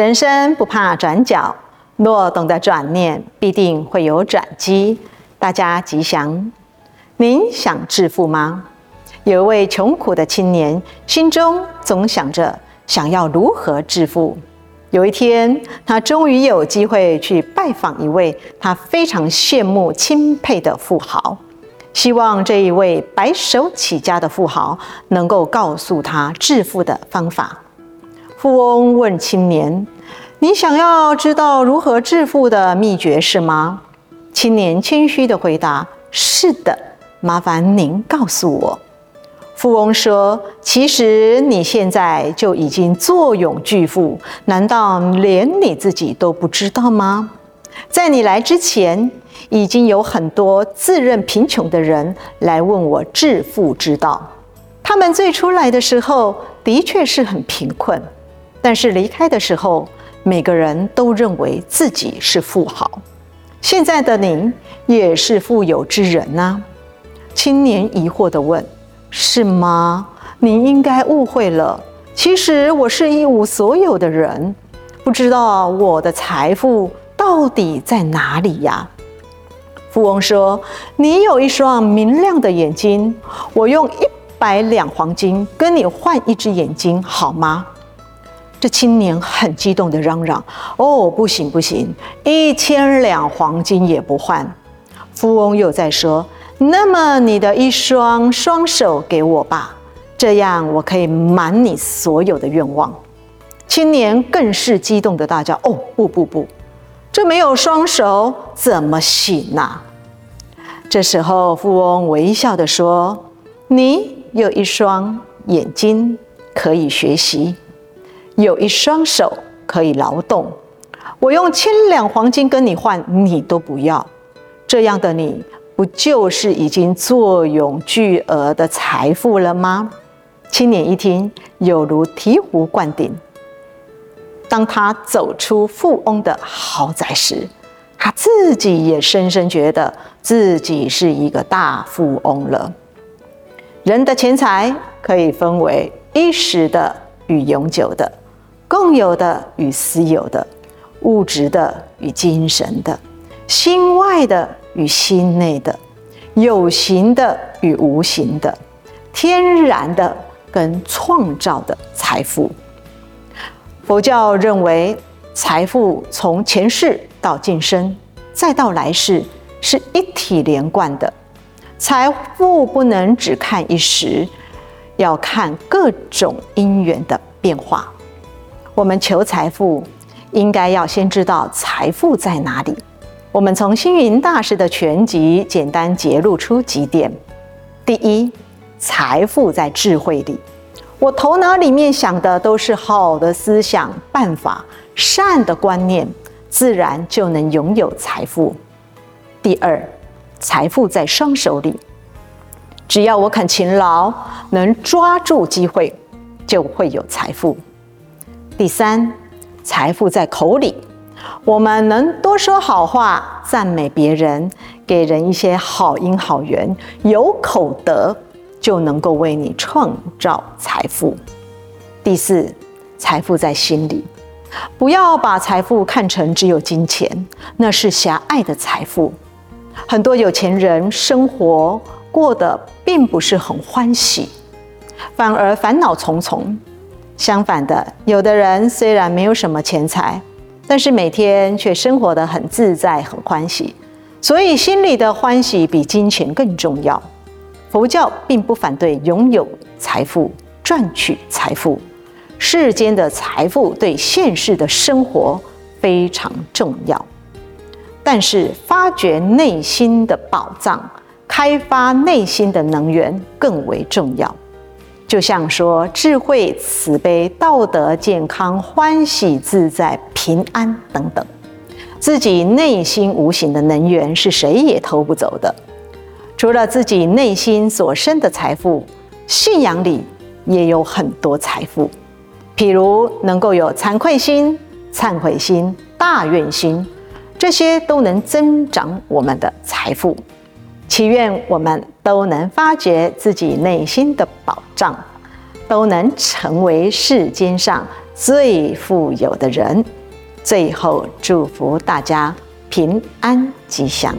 人生不怕轉角，若懂得轉念，必定會有轉機。大家吉祥。您想致富嗎？有一位窮苦的青年，心中總想着想要如何致富。有一天，他終於有機會去拜訪一位他非常羨慕、欽佩的富豪，希望這一位白手起家的富豪能夠告訴他致富的方法。富翁問青年：“你想要知道如何致富的秘訣是嗎？”青年謙虛地回答：“是的，麻煩您告訴我。”富翁說：“其實你現在就已經坐擁巨富，難道連你自己都不知道嗎？在你來之前，已經有很多自認貧窮的人來問我致富之道。他們最初來的時候，的確是很貧困。”但是離開的時候，每個人都認為自己是富豪。現在的您也是富有之人吶。青年疑惑地問：“是嗎？您應該誤會了。其實我是一無所有的人，不知道我的財富到底在哪裡呀？”富翁說：“你有一雙明亮的眼睛，我用一百兩黃金跟你換一只眼睛，好嗎？”這青年很激動地嚷嚷：“哦，不行不行，一千兩黃金也不換。”富翁又在說：“那麼你的一雙雙手給我吧，這樣我可以滿你所有的願望。”青年更是激動地大叫：“哦，不不不，這沒有雙手怎麼行呢？”這時候，富翁微笑地說：“你有一雙眼睛，可以學習。”有一雙手可以勞動，我用千兩黃金跟你換，你都不要，這樣的你不就是已經坐擁巨額的財富了嗎？青年一聽，有如醍醐灌頂。當他走出富翁的豪宅時，他自己也深深覺得自己是一個大富翁了。人的錢財可以分為一時的與永久的。共有的與私有的，物質的與精神的，心外的與心內的，有形的與無形的，天然的跟創造的財富。佛教認為，財富從前世到今生，再到來世，是一體連貫的。財富不能只看一時，要看各種因緣的變化。我們求財富，應該要先知道財富在哪裡。我們從星雲大師的全集簡單揭露出幾點：第一，財富在智慧裡，我頭腦裡面想的都是好的思想、辦法、善的觀念，自然就能擁有財富。第二，財富在雙手裡，只要我肯勤勞，能抓住機會，就會有財富。第三，財富在口裡，我們能多說好話，讚美別人，給人一些好因好緣，有口德就能夠為你創造財富。第四，財富在心裡，不要把財富看成只有金錢，那是狹隘的財富。很多有錢人生活過得並不是很歡喜，反而煩惱重重。相反的，有的人雖然沒有什麼錢財，但是每天卻生活得很自在、很歡喜。所以，心裡的歡喜比金錢更重要。佛教並不反對擁有財富、賺取財富，世間的財富對現世的生活非常重要。但是，發掘內心的寶藏、開發內心的能源更為重要。就像說智慧、慈悲、道德、健康、歡喜、自在、平安等等，自己內心無形的能源是誰也偷不走的。除了自己內心所生的財富，信仰裡也有很多財富，譬如能夠有慚愧心、懺悔心、大願心，這些都能增長我們的財富。祈願我們都能發掘自己內心的寶藏。上都能成為世間上最富有的人。最後祝福大家平安吉祥。